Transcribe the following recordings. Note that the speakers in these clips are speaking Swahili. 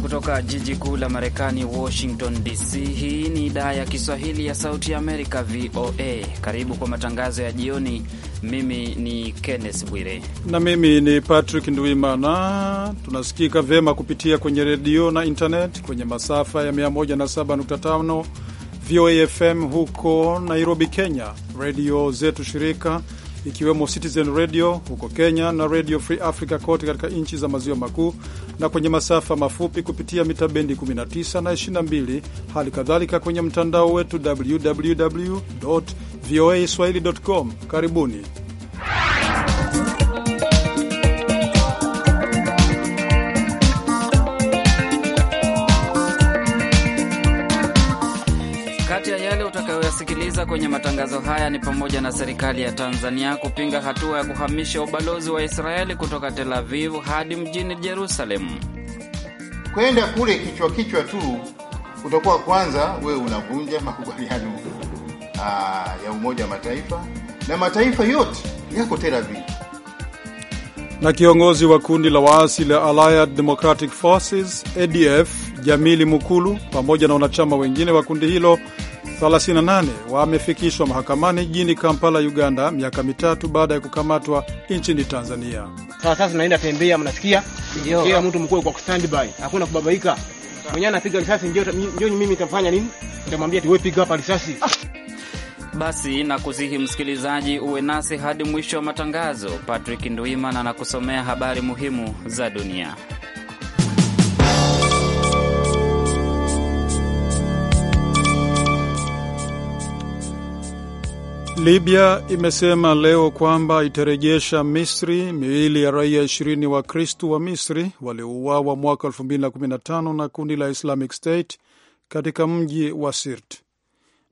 kutoka jiji kuu la Marekani, Washington DC. Hii ni idhaa ya Kiswahili ya Sauti ya Amerika, VOA. Karibu kwa matangazo ya jioni. Mimi ni Kenneth Bwire na mimi ni Patrick Nduimana. Tunasikika vyema kupitia kwenye redio na internet kwenye masafa ya 107.5 VOA FM huko Nairobi, Kenya, redio zetu shirika ikiwemo Citizen Radio huko Kenya na Radio Free Africa kote katika nchi za maziwa makuu na kwenye masafa mafupi kupitia mita bendi 19 na 22, hali kadhalika kwenye mtandao wetu www voa swahili com. Karibuni. unayosikiliza kwenye matangazo haya ni pamoja na serikali ya Tanzania kupinga hatua ya kuhamisha ubalozi wa Israeli kutoka Tel Aviv hadi mjini Jerusalemu. Kwenda kule kichwa kichwa tu utakuwa kwanza wewe unavunja makubaliano ah, ya Umoja wa Mataifa na mataifa yote yako Tel Aviv. Na kiongozi wa kundi la waasi la Allied Democratic Forces ADF Jamili Mukulu pamoja na wanachama wengine wa kundi hilo 38 wamefikishwa mahakamani jijini Kampala, Uganda, miaka mitatu baada ya kukamatwa nchini Tanzania. Sasa naenda tembea, mnasikia kila mtu mkuu kwa standby, hakuna kubabaika. Mwenye anapiga risasi, ndio mimi nitafanya nini? Nitamwambia wewe piga hapa risasi. Ah! Basi na kusihi msikilizaji, uwe nasi hadi mwisho wa matangazo. Patrick Ndwimana anakusomea habari muhimu za dunia. Libya imesema leo kwamba itarejesha Misri miili ya raia 20 wa Kristu wa Misri waliouawa mwaka 2015 na kundi la Islamic State katika mji wa Sirt.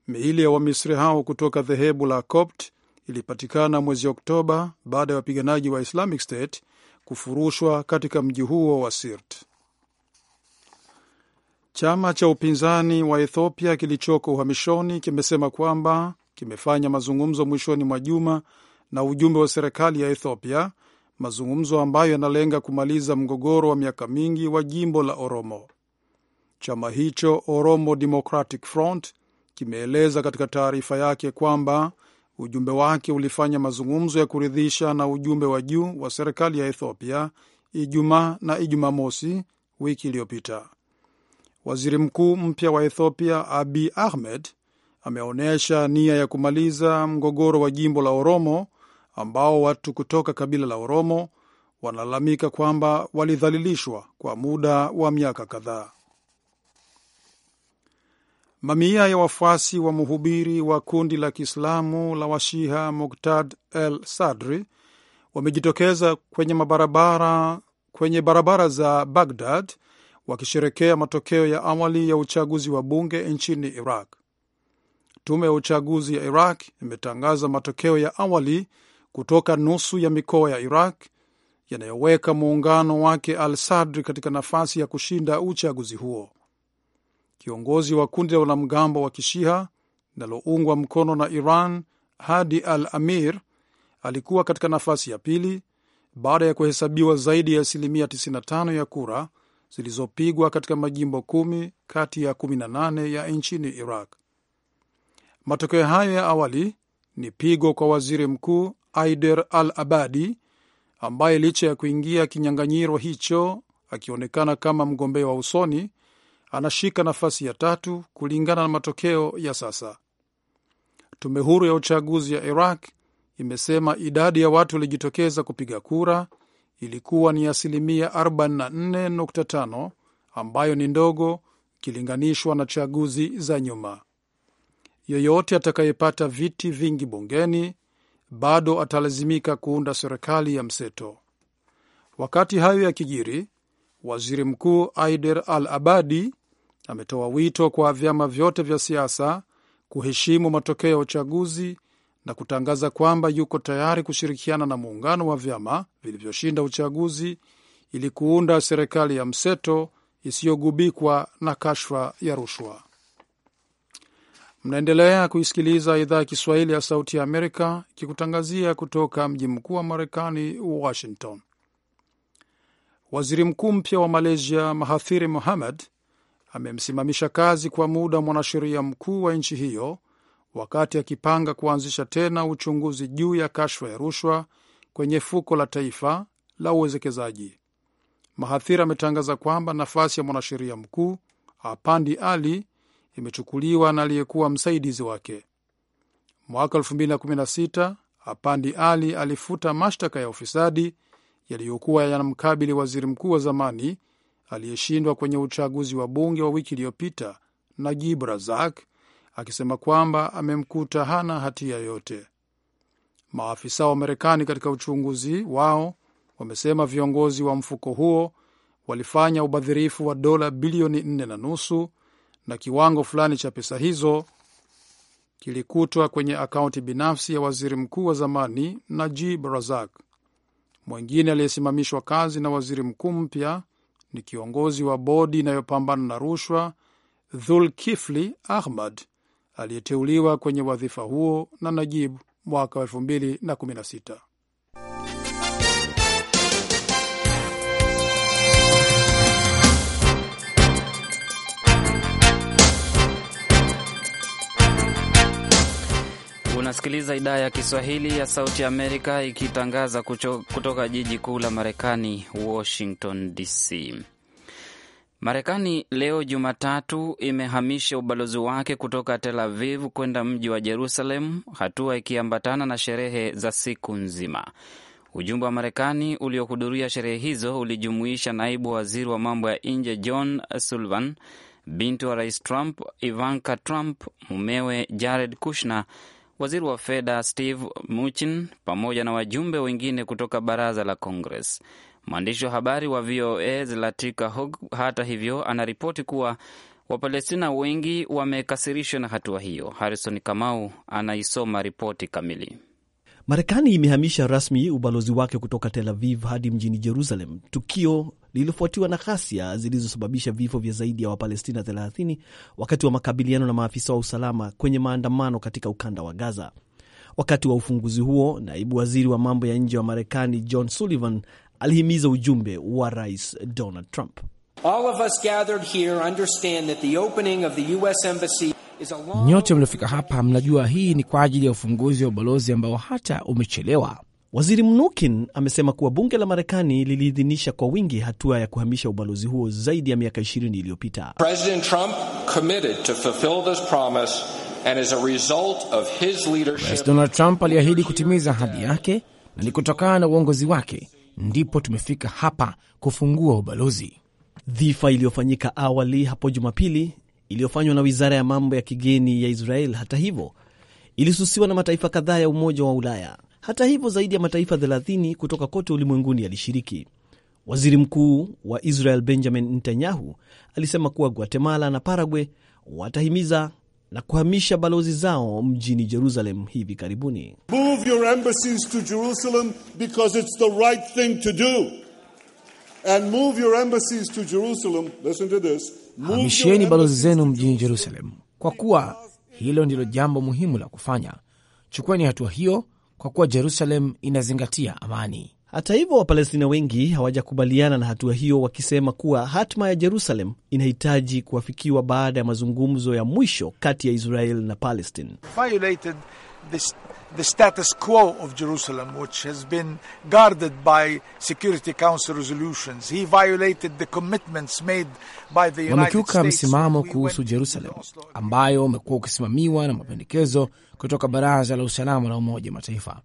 Miili ya Wamisri hao kutoka dhehebu la Copt ilipatikana mwezi Oktoba baada ya wapiganaji wa Islamic State kufurushwa katika mji huo wa Sirt. Chama cha upinzani wa Ethiopia kilichoko uhamishoni kimesema kwamba kimefanya mazungumzo mwishoni mwa juma na ujumbe wa serikali ya Ethiopia, mazungumzo ambayo yanalenga kumaliza mgogoro wa miaka mingi wa jimbo la Oromo. Chama hicho Oromo Democratic Front kimeeleza katika taarifa yake kwamba ujumbe wake ulifanya mazungumzo ya kuridhisha na ujumbe wa juu wa serikali ya Ethiopia Ijumaa na Ijumaa mosi wiki iliyopita. Waziri mkuu mpya wa Ethiopia abi Ahmed ameonyesha nia ya kumaliza mgogoro wa jimbo la Oromo ambao watu kutoka kabila la Oromo wanalalamika kwamba walidhalilishwa kwa muda wa miaka kadhaa. Mamia ya wafuasi wa mhubiri wa kundi la Kiislamu la Washiha Muktad El Sadri wamejitokeza kwenye mabarabara, kwenye barabara za Bagdad wakisherekea matokeo ya awali ya uchaguzi wa bunge nchini Iraq. Tume ya uchaguzi ya Iraq imetangaza matokeo ya awali kutoka nusu ya mikoa ya Iraq yanayoweka muungano wake Al Sadri katika nafasi ya kushinda uchaguzi huo. Kiongozi wa kundi la wanamgambo wa Kishiha linaloungwa mkono na Iran, Hadi Al Amir, alikuwa katika nafasi ya pili baada ya kuhesabiwa zaidi ya asilimia 95 ya kura zilizopigwa katika majimbo kumi kati ya 18 ya nchini Iraq. Matokeo hayo ya awali ni pigo kwa waziri mkuu Aider Al Abadi ambaye licha ya kuingia kinyang'anyiro hicho akionekana kama mgombea wa usoni, anashika nafasi ya tatu kulingana na matokeo ya sasa. Tume huru ya uchaguzi ya Iraq imesema idadi ya watu waliojitokeza kupiga kura ilikuwa ni asilimia 44.5 ambayo ni ndogo ikilinganishwa na chaguzi za nyuma yeyote atakayepata viti vingi bungeni bado atalazimika kuunda serikali ya mseto. Wakati hayo yakijiri, waziri mkuu Aider Al Abadi ametoa wito kwa vyama vyote vya siasa kuheshimu matokeo ya uchaguzi na kutangaza kwamba yuko tayari kushirikiana na muungano wa vyama vilivyoshinda uchaguzi ili kuunda serikali ya mseto isiyogubikwa na kashfa ya rushwa. Mnaendelea kuisikiliza idhaa ya Kiswahili ya Sauti ya Amerika ikikutangazia kutoka mji mkuu wa Marekani, Washington. Waziri mkuu mpya wa Malaysia Mahathiri Muhammad, amemsimamisha kazi kwa muda mwanasheria mkuu wa nchi hiyo wakati akipanga kuanzisha tena uchunguzi juu ya kashfa ya rushwa kwenye fuko la taifa la uwezekezaji. Mahathiri ametangaza kwamba nafasi ya mwanasheria mkuu Apandi Ali imechukuliwa na aliyekuwa msaidizi wake. Mwaka 2016 Apandi Ali alifuta mashtaka ya ufisadi yaliyokuwa yanamkabili waziri mkuu wa zamani aliyeshindwa kwenye uchaguzi wa bunge wa wiki iliyopita Najib Razak, akisema kwamba amemkuta hana hatia yoyote. Maafisa wa Marekani katika uchunguzi wao wamesema viongozi wa mfuko huo walifanya ubadhirifu wa dola bilioni nne na nusu na kiwango fulani cha pesa hizo kilikutwa kwenye akaunti binafsi ya waziri mkuu wa zamani Najib Razak. Mwingine aliyesimamishwa kazi na waziri mkuu mpya ni kiongozi wa bodi inayopambana na rushwa Dhulkifli Ahmad aliyeteuliwa kwenye wadhifa huo na Najib mwaka wa Unasikiliza idhaa ya Kiswahili ya Sauti Amerika ikitangaza kutoka jiji kuu la Marekani, Washington DC. Marekani leo Jumatatu imehamisha ubalozi wake kutoka Tel Aviv kwenda mji wa Jerusalem, hatua ikiambatana na sherehe za siku nzima. Ujumbe wa Marekani uliohudhuria sherehe hizo ulijumuisha naibu waziri wa mambo ya nje John Sullivan, binti wa rais Trump Ivanka Trump, mumewe Jared Kushner Waziri wa fedha Steve Mnuchin pamoja na wajumbe wengine kutoka baraza la Congress. Mwandishi wa habari wa VOA Zlatika Hog, hata hivyo, anaripoti kuwa Wapalestina wengi wamekasirishwa na hatua hiyo. Harrison Kamau anaisoma ripoti kamili. Marekani imehamisha rasmi ubalozi wake kutoka Tel Aviv hadi mjini Jerusalem, tukio lililofuatiwa na ghasia zilizosababisha vifo vya zaidi ya Wapalestina 30 wakati wa makabiliano na maafisa wa usalama kwenye maandamano katika ukanda wa Gaza. Wakati wa ufunguzi huo, naibu waziri wa mambo ya nje wa Marekani John Sullivan alihimiza ujumbe wa Rais Donald Trump. All of us gathered here understand that the opening of the US embassy Nyote mliofika hapa mnajua hii ni kwa ajili ya ufunguzi wa ubalozi ambao hata umechelewa. Waziri Mnukin amesema kuwa bunge la Marekani liliidhinisha kwa wingi hatua ya kuhamisha ubalozi huo zaidi ya miaka 20 iliyopita. Rais Donald Trump aliahidi kutimiza ahadi yake, na ni kutokana na uongozi wake ndipo tumefika hapa kufungua ubalozi. Dhifa iliyofanyika awali hapo Jumapili iliyofanywa na wizara ya mambo ya kigeni ya Israel, hata hivyo, ilisusiwa na mataifa kadhaa ya Umoja wa Ulaya. Hata hivyo, zaidi ya mataifa 30 kutoka kote ulimwenguni yalishiriki. Waziri Mkuu wa Israel Benjamin Netanyahu alisema kuwa Guatemala na Paraguay watahimiza na kuhamisha balozi zao mjini Jerusalem hivi karibuni. Move your embassies to Jerusalem because it's the right thing to do. And move your embassies to Jerusalem, listen to this, hamisheni balozi zenu mjini Jerusalemu, kwa kuwa hilo ndilo jambo muhimu la kufanya. Chukueni hatua hiyo, kwa kuwa Jerusalemu inazingatia amani. Hata hivyo, Wapalestina wengi hawajakubaliana na hatua hiyo, wakisema kuwa hatima ya Jerusalem inahitaji kuafikiwa baada ya mazungumzo ya mwisho kati ya Israel na Palestine this, the status quo of Jerusalem, which has been guarded by Security Council resolutions. He violated the commitments made by the United wamekiuka msimamo kuhusu Jerusalem ambayo umekuwa ukisimamiwa na mapendekezo kutoka Baraza la Usalama la Umoja Mataifa.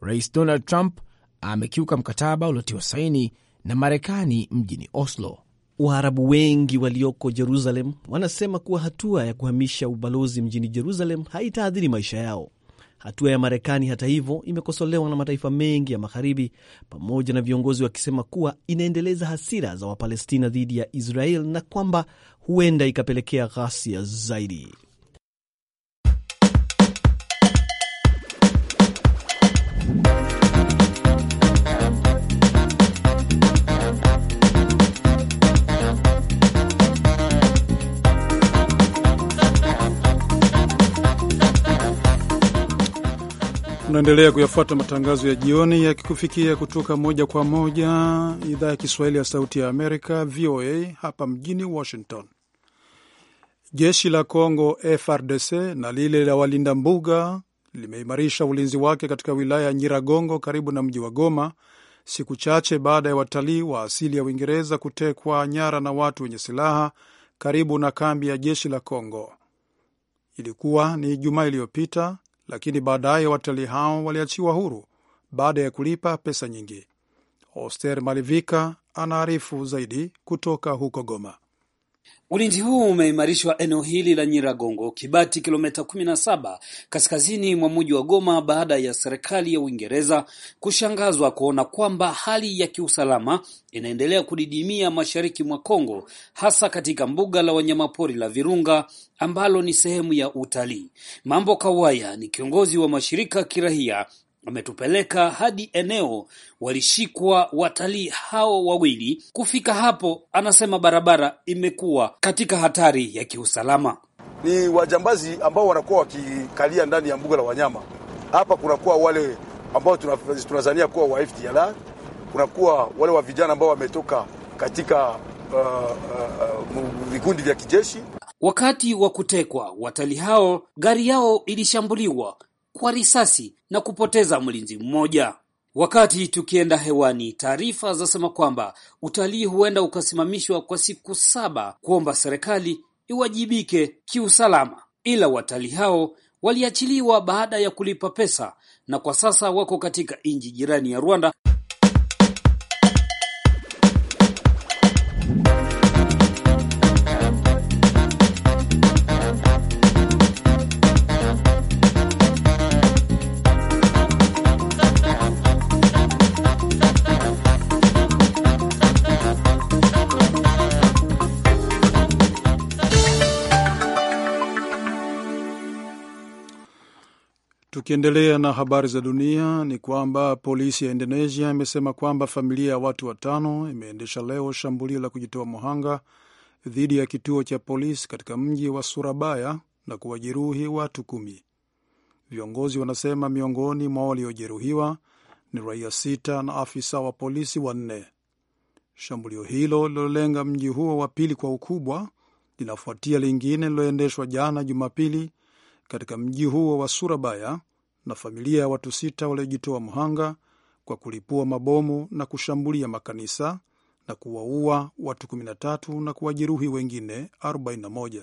Rais Donald Trump amekiuka mkataba uliotiwa saini na Marekani mjini Oslo. Waarabu wengi walioko Jerusalem wanasema kuwa hatua ya kuhamisha ubalozi mjini Jerusalem haitaathiri maisha yao. Hatua ya Marekani hata hivyo imekosolewa na mataifa mengi ya Magharibi, pamoja na viongozi wakisema kuwa inaendeleza hasira za Wapalestina dhidi ya Israel na kwamba huenda ikapelekea ghasia zaidi. Unaendelea kuyafuata matangazo ya jioni yakikufikia kutoka moja kwa moja idhaa ya Kiswahili ya Sauti ya Amerika, VOA hapa mjini Washington. Jeshi la Congo FRDC na lile la walinda mbuga limeimarisha ulinzi wake katika wilaya ya Nyiragongo karibu na mji wa Goma, siku chache baada ya watalii wa asili ya Uingereza kutekwa nyara na watu wenye silaha karibu na kambi ya jeshi la Congo. Ilikuwa ni Ijumaa iliyopita lakini baadaye watalii hao waliachiwa huru baada ya kulipa pesa nyingi. Oster Malivika anaarifu zaidi kutoka huko Goma. Ulinzi huu umeimarishwa eneo hili la Nyiragongo, Kibati, kilomita 17 kaskazini mwa mji wa Goma baada ya serikali ya Uingereza kushangazwa kuona kwamba hali ya kiusalama inaendelea kudidimia mashariki mwa Kongo, hasa katika mbuga la wanyamapori la Virunga ambalo ni sehemu ya utalii. Mambo Kawaya ni kiongozi wa mashirika kirahia wametupeleka hadi eneo walishikwa watalii hao wawili. Kufika hapo, anasema barabara imekuwa katika hatari ya kiusalama. Ni wajambazi ambao wanakuwa wakikalia ndani ya mbuga la wanyama. Hapa kunakuwa wale ambao tunazania kuwa wa FDLR, kunakuwa wale wa vijana ambao wametoka katika vikundi uh, uh, uh vya kijeshi. Wakati wa kutekwa watalii hao, gari yao ilishambuliwa kwa risasi na kupoteza mlinzi mmoja. Wakati tukienda hewani, taarifa zasema kwamba utalii huenda ukasimamishwa kwa siku saba, kuomba serikali iwajibike kiusalama, ila watalii hao waliachiliwa baada ya kulipa pesa na kwa sasa wako katika nchi jirani ya Rwanda. Tukiendelea na habari za dunia ni kwamba polisi ya Indonesia imesema kwamba familia ya watu watano imeendesha leo shambulio la kujitoa muhanga dhidi ya kituo cha polisi katika mji wa Surabaya na kuwajeruhi watu kumi. Viongozi wanasema miongoni mwa waliojeruhiwa ni raia sita na afisa wa polisi wanne. Shambulio hilo lilolenga mji huo wa pili kwa ukubwa linafuatia lingine lililoendeshwa jana Jumapili katika mji huo wa Surabaya na familia ya watu sita waliojitoa mhanga kwa kulipua mabomu na kushambulia makanisa na kuwaua watu 13 na kuwajeruhi wengine 41.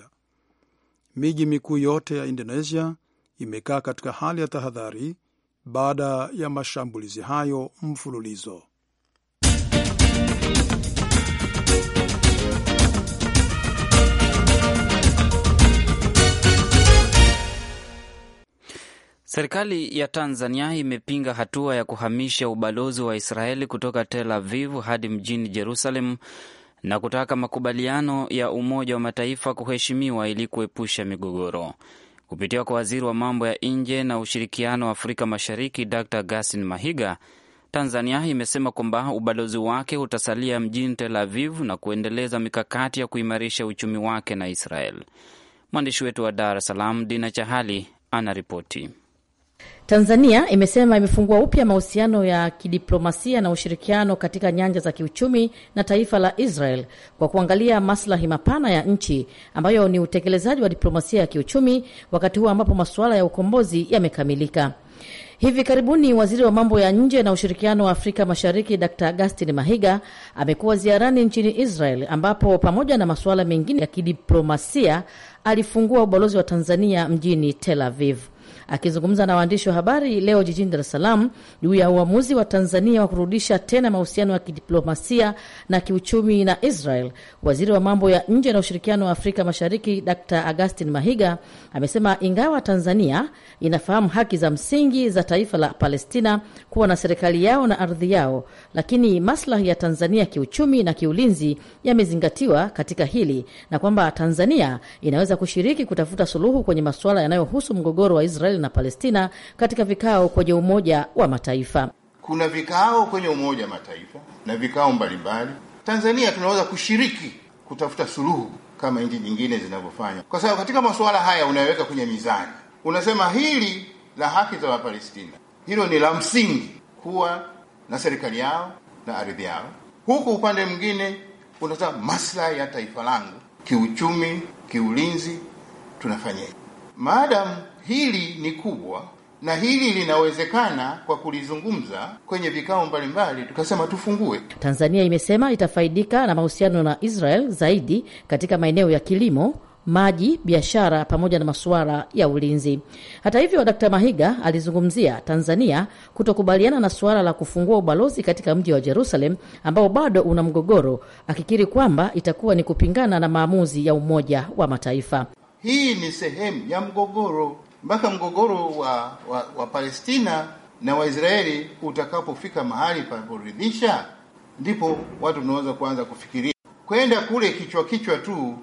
Miji mikuu yote ya Indonesia imekaa katika hali ya tahadhari baada ya mashambulizi hayo mfululizo. Serikali ya Tanzania imepinga hatua ya kuhamisha ubalozi wa Israeli kutoka Tel Aviv hadi mjini Jerusalem na kutaka makubaliano ya Umoja wa Mataifa kuheshimiwa ili kuepusha migogoro. Kupitia kwa waziri wa mambo ya nje na ushirikiano wa Afrika Mashariki Dr Gasin Mahiga, Tanzania imesema kwamba ubalozi wake utasalia mjini Tel Aviv na kuendeleza mikakati ya kuimarisha uchumi wake na Israel. Mwandishi wetu wa Dar es Salaam Dina Chahali anaripoti. Tanzania imesema imefungua upya mahusiano ya kidiplomasia na ushirikiano katika nyanja za kiuchumi na taifa la Israel kwa kuangalia maslahi mapana ya nchi ambayo ni utekelezaji wa diplomasia ya kiuchumi wakati huu ambapo masuala ya ukombozi yamekamilika. Hivi karibuni waziri wa mambo ya nje na ushirikiano wa Afrika Mashariki Dr Agustin Mahiga amekuwa ziarani nchini Israel, ambapo pamoja na masuala mengine ya kidiplomasia alifungua ubalozi wa Tanzania mjini Tel Aviv. Akizungumza na waandishi wa habari leo jijini Dar es Salaam juu ya uamuzi wa Tanzania wa kurudisha tena mahusiano ya kidiplomasia na kiuchumi na Israel, waziri wa mambo ya nje na ushirikiano wa Afrika Mashariki dr augustin Mahiga amesema ingawa Tanzania inafahamu haki za msingi za taifa la Palestina kuwa na serikali yao na ardhi yao, lakini maslahi ya Tanzania kiuchumi na kiulinzi yamezingatiwa katika hili na kwamba Tanzania inaweza kushiriki kutafuta suluhu kwenye masuala yanayohusu mgogoro wa Israel Israel na Palestina katika vikao kwenye Umoja wa Mataifa. Kuna vikao kwenye Umoja wa Mataifa na vikao mbalimbali. Tanzania tunaweza kushiriki kutafuta suluhu kama nchi nyingine zinavyofanya, kwa sababu katika masuala haya unayoweka kwenye mizani, unasema hili la haki za Wapalestina, hilo ni la msingi kuwa na serikali yao na ardhi yao, huku upande mwingine unasema maslahi ya taifa langu kiuchumi, kiulinzi, tunafanyaje? Maadamu Hili ni kubwa na hili linawezekana kwa kulizungumza kwenye vikao mbalimbali, tukasema tufungue. Tanzania imesema itafaidika na mahusiano na Israel zaidi katika maeneo ya kilimo, maji, biashara pamoja na masuala ya ulinzi. Hata hivyo, Dkt. Mahiga alizungumzia Tanzania kutokubaliana na suala la kufungua ubalozi katika mji wa Jerusalem ambao bado una mgogoro, akikiri kwamba itakuwa ni kupingana na maamuzi ya Umoja wa Mataifa. Hii ni sehemu ya mgogoro mpaka mgogoro wa, wa, wa Palestina na Waisraeli utakapofika mahali panaporidhisha, ndipo watu tunaweza kuanza kufikiria. Kwenda kule kichwa kichwa tu,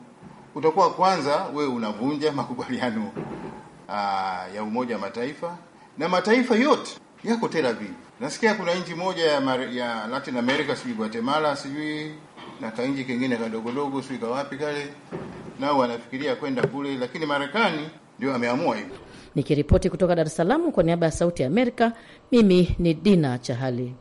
utakuwa kwanza wewe unavunja makubaliano aa, ah, ya Umoja wa Mataifa na mataifa yote yako Tel Aviv. Nasikia kuna nchi moja ya, Mar ya Latin America, sijui Guatemala, sijui na kainji kingine kadogodogo, sijui kawapi kale, nao wanafikiria kwenda kule, lakini Marekani ndio ameamua hivyo. Nikiripoti kutoka Dar es Salaam kwa niaba ya Sauti ya Amerika, mimi ni Dina Chahali.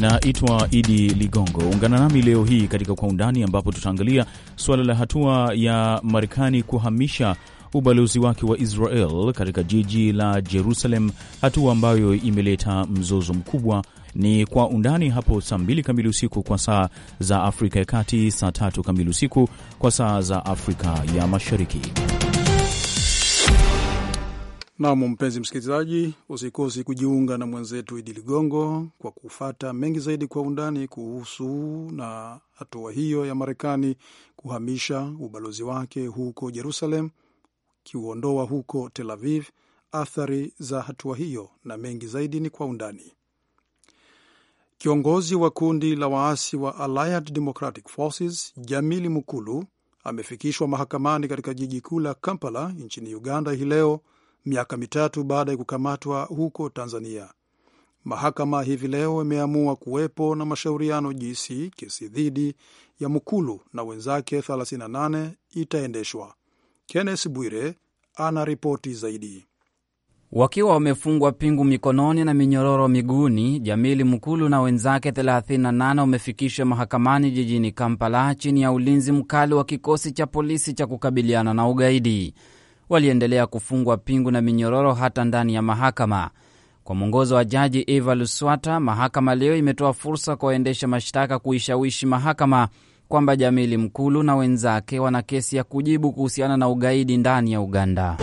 Naitwa Idi Ligongo. Ungana nami leo hii katika Kwa Undani, ambapo tutaangalia suala la hatua ya Marekani kuhamisha ubalozi wake wa Israel katika jiji la Jerusalem, hatua ambayo imeleta mzozo mkubwa ni Kwa Undani hapo saa mbili kamili usiku kwa saa za Afrika ya Kati, saa tatu kamili usiku kwa saa za Afrika ya Mashariki. Nam, mpenzi msikilizaji, usikosi kujiunga na mwenzetu Idi Ligongo kwa kufata mengi zaidi kwa undani kuhusu na hatua hiyo ya Marekani kuhamisha ubalozi wake huko Jerusalem, kiuondoa huko Tel Aviv, athari za hatua hiyo na mengi zaidi ni kwa undani. Kiongozi wa kundi la waasi wa Allied Democratic Forces Jamili Mukulu amefikishwa mahakamani katika jiji kuu la Kampala nchini Uganda hii leo, miaka mitatu baada ya kukamatwa huko Tanzania. Mahakama hivi leo imeamua kuwepo na mashauriano jinsi kesi dhidi ya Mukulu na wenzake 38 itaendeshwa. Kenneth Bwire ana ripoti zaidi. Wakiwa wamefungwa pingu mikononi na minyororo miguuni, Jamili Mukulu na wenzake 38 wamefikishwa mahakamani jijini Kampala chini ya ulinzi mkali wa kikosi cha polisi cha kukabiliana na ugaidi. Waliendelea kufungwa pingu na minyororo hata ndani ya mahakama. Kwa mwongozo wa Jaji Eva Luswata, mahakama leo imetoa fursa kwa waendesha mashtaka kuishawishi mahakama kwamba Jamili Mkulu na wenzake wana kesi ya kujibu kuhusiana na ugaidi ndani ya Uganda.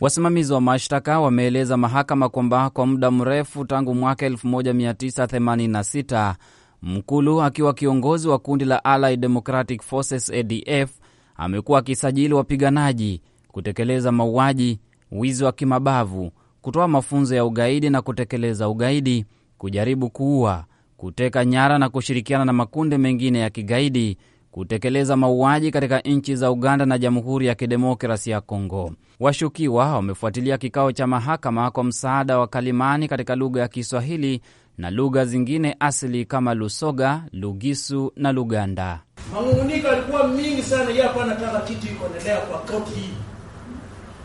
Wasimamizi wa mashtaka wameeleza mahakama kwamba kwa muda mrefu tangu mwaka 1986 Mkulu akiwa kiongozi wa kundi la Allied Democratic Forces ADF amekuwa akisajili wapiganaji, kutekeleza mauaji, wizi wa kimabavu, kutoa mafunzo ya ugaidi na kutekeleza ugaidi, kujaribu kuua, kuteka nyara na kushirikiana na makundi mengine ya kigaidi kutekeleza mauaji katika nchi za Uganda na Jamhuri ya Kidemokrasi ya Kongo. Washukiwa wamefuatilia kikao cha mahakama kwa msaada wa kalimani katika lugha ya Kiswahili na lugha zingine asili kama Lusoga, Lugisu na Luganda. Mangunguniko alikuwa mingi sana, yeye hapa anataka kitu iko kwa koti, hii,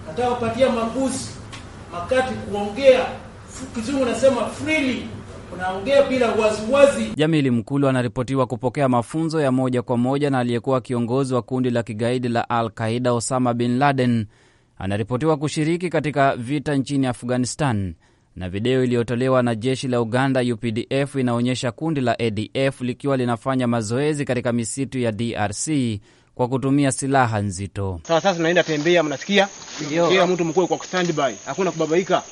atawapatia maguzi makati kuongea kizungu, nasema freely unaongea bila wasiwasi. Jamili Mkulu anaripotiwa kupokea mafunzo ya moja kwa moja na aliyekuwa kiongozi wa kundi la kigaidi la Al Qaida Osama bin Laden. Anaripotiwa kushiriki katika vita nchini Afghanistan, na video iliyotolewa na jeshi la Uganda UPDF inaonyesha kundi la ADF likiwa linafanya mazoezi katika misitu ya DRC kwa kutumia silaha nzito. Sawa, sasa tunaenda tembea, mnasikia kila mtu mkuu kwa standby, hakuna kubabaika,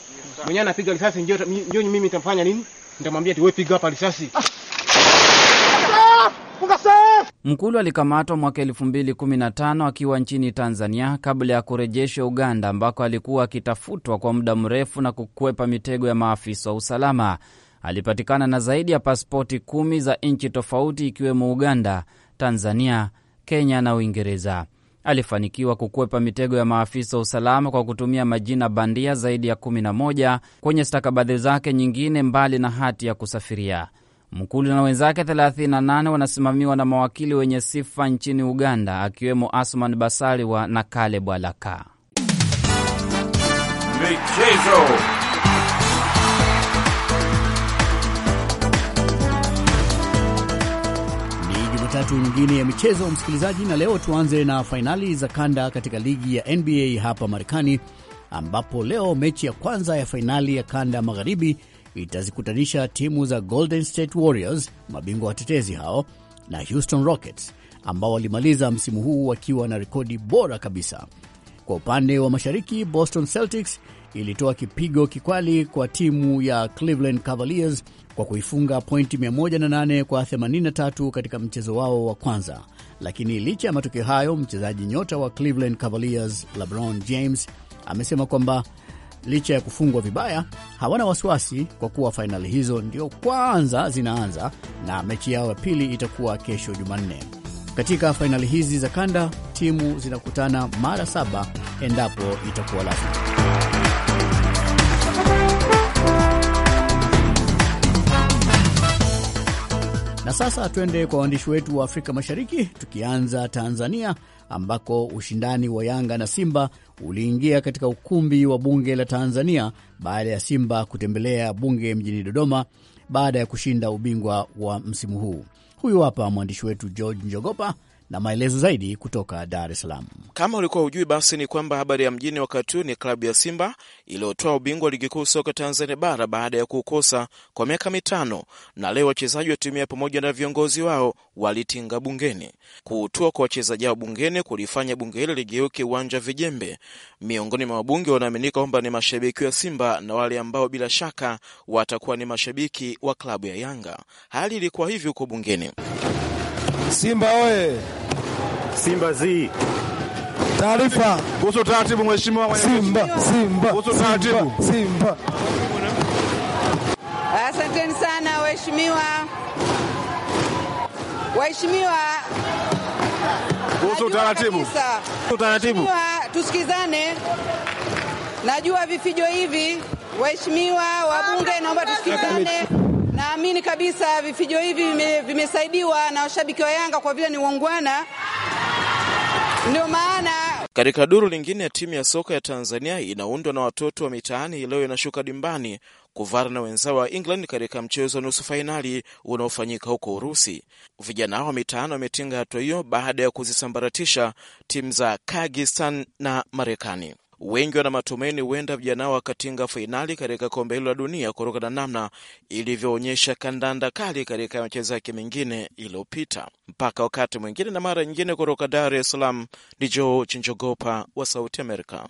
mwenyewe anapiga risasi, njoo mimi nitamfanya nini? nitamwambia ati wewe piga hapa risasi. Ah! Ah! Mkulu alikamatwa mwaka elfu mbili kumi na tano akiwa nchini Tanzania kabla ya kurejeshwa Uganda ambako alikuwa akitafutwa kwa muda mrefu na kukwepa mitego ya maafisa wa usalama. Alipatikana na zaidi ya pasipoti kumi za nchi tofauti ikiwemo Uganda, Tanzania, Kenya na Uingereza alifanikiwa kukwepa mitego ya maafisa wa usalama kwa kutumia majina bandia zaidi ya 11 kwenye stakabadhi zake nyingine mbali na hati ya kusafiria. Mkulu na wenzake 38 wanasimamiwa na mawakili wenye sifa nchini Uganda, akiwemo Asman Basali wa Nakale Bwalaka. Michezo. tatu nyingine ya michezo, msikilizaji, na leo tuanze na fainali za kanda katika ligi ya NBA hapa Marekani, ambapo leo mechi ya kwanza ya fainali ya kanda magharibi itazikutanisha timu za Golden State Warriors, mabingwa watetezi hao, na Houston Rockets ambao walimaliza msimu huu wakiwa na rekodi bora kabisa. Kwa upande wa mashariki, Boston Celtics ilitoa kipigo kikwali kwa timu ya Cleveland Cavaliers kwa kuifunga pointi 108 kwa 83 katika mchezo wao wa kwanza. Lakini licha ya matokeo hayo, mchezaji nyota wa Cleveland Cavaliers LeBron James amesema kwamba licha ya kufungwa vibaya hawana wasiwasi kwa kuwa fainali hizo ndio kwanza zinaanza na mechi yao ya pili itakuwa kesho Jumanne. Katika fainali hizi za kanda timu zinakutana mara saba endapo itakuwa lazima. Na sasa twende kwa waandishi wetu wa Afrika Mashariki, tukianza Tanzania ambako ushindani wa Yanga na Simba uliingia katika ukumbi wa bunge la Tanzania baada ya Simba kutembelea bunge mjini Dodoma baada ya kushinda ubingwa wa msimu huu. Huyu hapa mwandishi wetu George Njogopa na maelezo zaidi kutoka Dar es Salaam. Kama ulikuwa hujui, basi ni kwamba habari ya mjini wakati huu ni klabu ya Simba iliyotoa ubingwa wa ligi kuu soka Tanzania bara baada ya kuukosa kwa miaka mitano, na leo wachezaji wa timu pamoja na viongozi wao walitinga bungeni. Kuutua kwa wachezaji hao bungeni kulifanya bunge hilo ligeuke uwanja vijembe. Miongoni mwa wabunge wanaaminika kwamba ni mashabiki wa Simba na wale ambao bila shaka watakuwa ni mashabiki wa klabu ya Yanga. Hali ilikuwa hivi huko bungeni. Simba oye! Simba zi taarifa kuhusu taratibu, mheshimiwa. Simba, Simba, kuhusu taratibu, Simba. Asanteni sana waheshimiwa, waheshimiwa, kuhusu taratibu, kuhusu taratibu, tusikizane. Najua vifijo hivi, waheshimiwa wabunge, naomba tusikizane. Naamini kabisa vifijo hivi vimesaidiwa na washabiki wa Yanga kwa vile ni uongwana ndio maana katika duru lingine ya timu ya soka ya Tanzania inaundwa na watoto wa mitaani, leo inashuka dimbani kuvara na wenzao wa England katika mchezo wa nusu fainali unaofanyika huko Urusi. Vijana hao wa mitaani wametinga hatua hiyo baada ya kuzisambaratisha timu za Kyrgyzstan na Marekani. Wengi wana matumaini huenda vijana wa wakatinga fainali katika kombe hilo la dunia kutokana na namna ilivyoonyesha kandanda kali katika michezo yake mingine iliyopita. Mpaka wakati mwingine na mara nyingine, kutoka Dar es Salaam ni George Njogopa wa Sauti Amerika.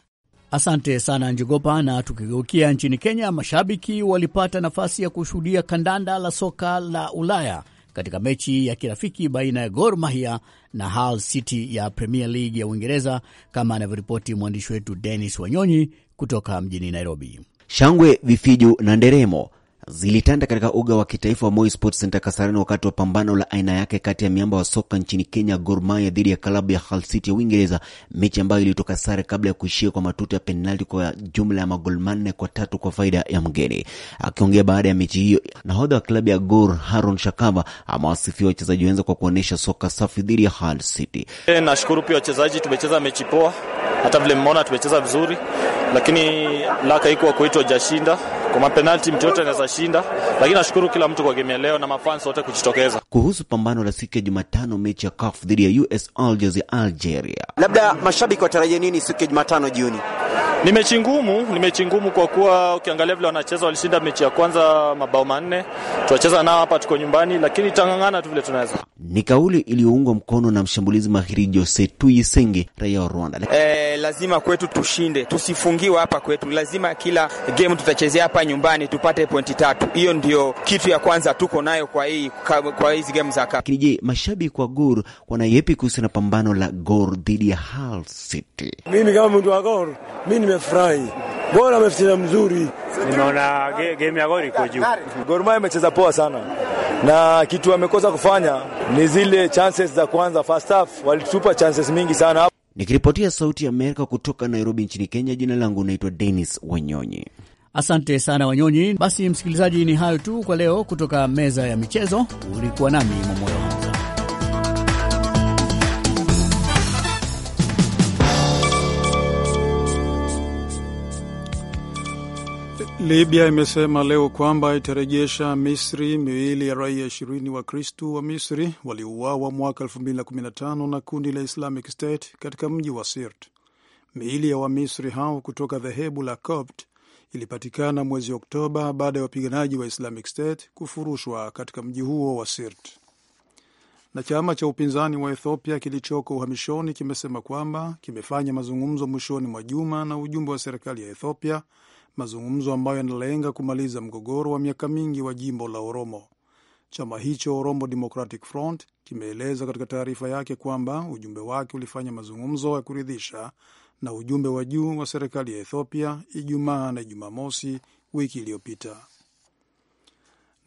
Asante sana Njogopa. Na tukigeukia nchini Kenya, mashabiki walipata nafasi ya kushuhudia kandanda la soka la Ulaya katika mechi ya kirafiki baina ya Gor Mahia na Hull City ya Premier League ya Uingereza, kama anavyoripoti mwandishi wetu Dennis Wanyonyi kutoka mjini Nairobi. Shangwe, vifiju na nderemo zilitanda katika uga wa kitaifa wa Moi Sports Center Kasarani wakati wa pambano la aina yake kati ya miamba wa soka nchini Kenya, Gor Mahia dhidi ya klabu ya Hull City ya Uingereza, mechi ambayo ilitoka sare kabla ya kuishia kwa matuta ya penalti kwa jumla ya magoli manne kwa tatu kwa faida ya mgeni. Akiongea baada ya mechi hiyo, nahodha wa klabu ya Gor Haron Shakava amewasifia wachezaji wenza kwa kuonyesha soka safi dhidi ya Hull City. E, nashukuru pia wachezaji, tumecheza mechi poa, hata vile mmeona tumecheza vizuri, lakini laka iko kwa kuitwa jashinda kwa mapenalti mtu yote anaweza shinda, lakini nashukuru kila mtu kwa game leo na mafans wote kujitokeza. Kuhusu pambano la siku ya Jumatano, mechi ya CAF dhidi ya US Algiers ya Algeria, labda mashabiki watarajia nini siku ya Jumatano jioni? Ni mechi ngumu, ni mechi ngumu kwa kuwa ukiangalia vile wanacheza, walishinda mechi ya kwanza mabao manne, tuwacheza nao hapa, tuko nyumbani, lakini tangangana tu vile tunaweza. Ni kauli iliyoungwa mkono na mshambulizi mahiri Jose Tuyisenge, raia wa Rwanda. Eh, lazima kwetu tushinde, tusifungiwe hapa kwetu, lazima kila game tutachezea hapa nyumbani tupate pointi tatu. Hiyo ndio kitu ya kwanza tuko nayo kwa hii kwa hizi game za cup. Je, mashabiki wa Gor wanayepi kuhusu na pambano la Gor dhidi ya Hull City? Mimi kama mtu wa Gor, mimi nimefurahi. Gor amefanya mzuri. Nimeona game ya Gor iko juu. Gor Mahia imecheza poa sana. Na kitu wamekosa kufanya ni zile chances za kwanza first half walitupa chances mingi sana. Nikiripotia Sauti ya Amerika kutoka Nairobi nchini Kenya, jina langu naitwa Dennis Wanyonyi. Asante sana Wanyonyi. Basi msikilizaji, ni hayo tu kwa leo kutoka meza ya michezo. Ulikuwa nami Momoyo Hamza. Libya imesema leo kwamba itarejesha Misri miili ya raia ishirini wa Kristu wa Misri waliouawa mwaka 2015 na kundi la Islamic State katika mji wa Sirt. Miili ya Wamisri hao kutoka dhehebu la Copt ilipatikana mwezi Oktoba baada ya wapiganaji wa Islamic State kufurushwa katika mji huo wa Sirt. Na chama cha upinzani wa Ethiopia kilichoko uhamishoni kimesema kwamba kimefanya mazungumzo mwishoni mwa juma na ujumbe wa serikali ya Ethiopia, mazungumzo ambayo yanalenga kumaliza mgogoro wa miaka mingi wa jimbo la Oromo. Chama hicho Oromo Democratic Front kimeeleza katika taarifa yake kwamba ujumbe wake ulifanya mazungumzo ya kuridhisha na ujumbe wa juu wa serikali ya Ethiopia Ijumaa na Jumamosi wiki iliyopita.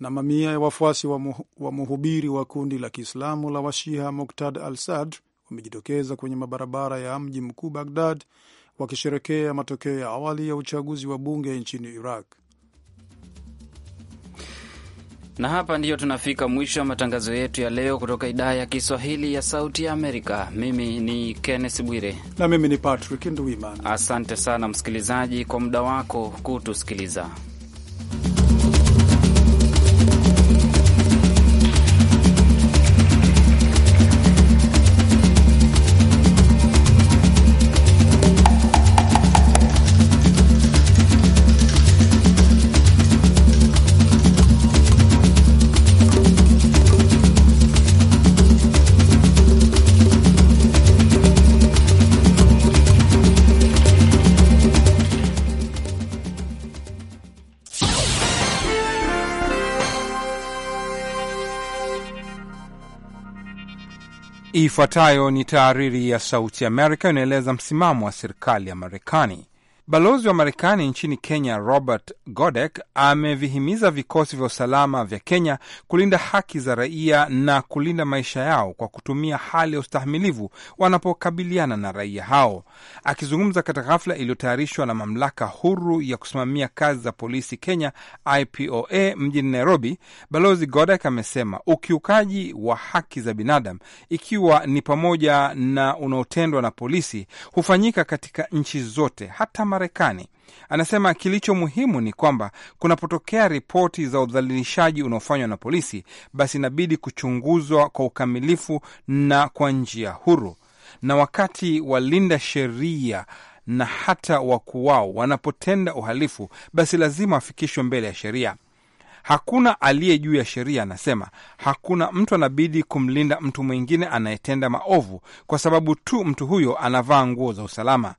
Na mamia ya wafuasi wa mhubiri wa kundi la Kiislamu la Washiha Muktad al sadr wamejitokeza kwenye mabarabara ya mji mkuu baghdad wakisherekea matokeo ya awali ya uchaguzi wa bunge nchini Iraq. Na hapa ndiyo tunafika mwisho wa matangazo yetu ya leo kutoka idhaa ya Kiswahili ya Sauti ya Amerika. Mimi ni Kenneth Bwire na mimi ni Patrick Nduimana. Asante sana msikilizaji kwa muda wako kutusikiliza. Ifuatayo ni taariri ya Sauti Amerika inaeleza msimamo wa serikali ya Marekani. Balozi wa Marekani nchini Kenya Robert Godek amevihimiza vikosi vya usalama vya Kenya kulinda haki za raia na kulinda maisha yao kwa kutumia hali ya ustahimilivu wanapokabiliana na raia hao. Akizungumza katika hafla iliyotayarishwa na mamlaka huru ya kusimamia kazi za polisi Kenya, IPOA, mjini Nairobi, Balozi Godek amesema ukiukaji wa haki za binadamu, ikiwa ni pamoja na unaotendwa na polisi, hufanyika katika nchi zote hata Marekani. Anasema kilicho muhimu ni kwamba kunapotokea ripoti za udhalilishaji unaofanywa na polisi, basi inabidi kuchunguzwa kwa ukamilifu na kwa njia huru, na wakati walinda sheria na hata wakuu wao wanapotenda uhalifu, basi lazima wafikishwe mbele ya sheria. Hakuna aliye juu ya sheria, anasema. Hakuna mtu anabidi kumlinda mtu mwingine anayetenda maovu kwa sababu tu mtu huyo anavaa nguo za usalama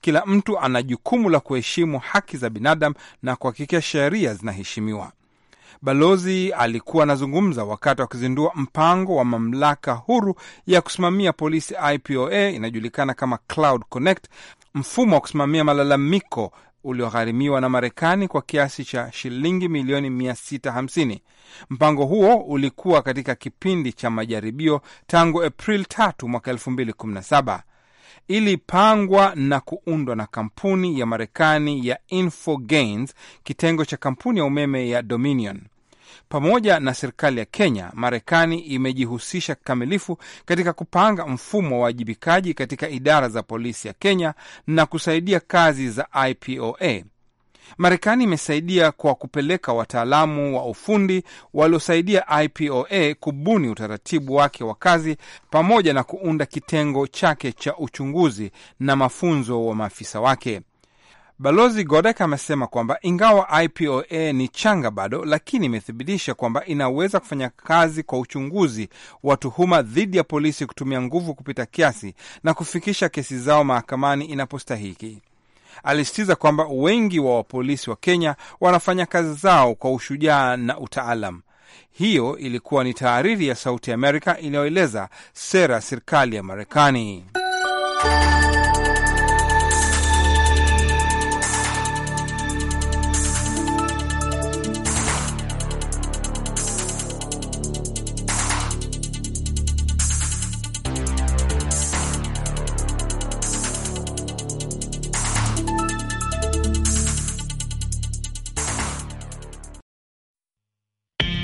kila mtu ana jukumu la kuheshimu haki za binadamu na kuhakikisha sheria zinaheshimiwa. Balozi alikuwa anazungumza wakati wa kuzindua mpango wa mamlaka huru ya kusimamia polisi IPOA, inayojulikana kama Cloud Connect, mfumo wa kusimamia malalamiko uliogharimiwa na Marekani kwa kiasi cha shilingi milioni 650. Mpango huo ulikuwa katika kipindi cha majaribio tangu Aprili 3 mwaka 2017 ilipangwa na kuundwa na kampuni ya Marekani ya Infogains, kitengo cha kampuni ya umeme ya Dominion. Pamoja na serikali ya Kenya, Marekani imejihusisha kikamilifu katika kupanga mfumo wa wajibikaji katika idara za polisi ya Kenya na kusaidia kazi za IPOA. Marekani imesaidia kwa kupeleka wataalamu wa ufundi waliosaidia IPOA kubuni utaratibu wake wa kazi pamoja na kuunda kitengo chake cha uchunguzi na mafunzo wa maafisa wake. Balozi Godek amesema kwamba ingawa IPOA ni changa bado, lakini imethibitisha kwamba inaweza kufanya kazi kwa uchunguzi wa tuhuma dhidi ya polisi kutumia nguvu kupita kiasi na kufikisha kesi zao mahakamani inapostahiki alisisitiza kwamba wengi wa wapolisi wa Kenya wanafanya kazi zao kwa ushujaa na utaalam. Hiyo ilikuwa ni tahariri ya Sauti ya Amerika iliyoeleza sera ya serikali ya Marekani.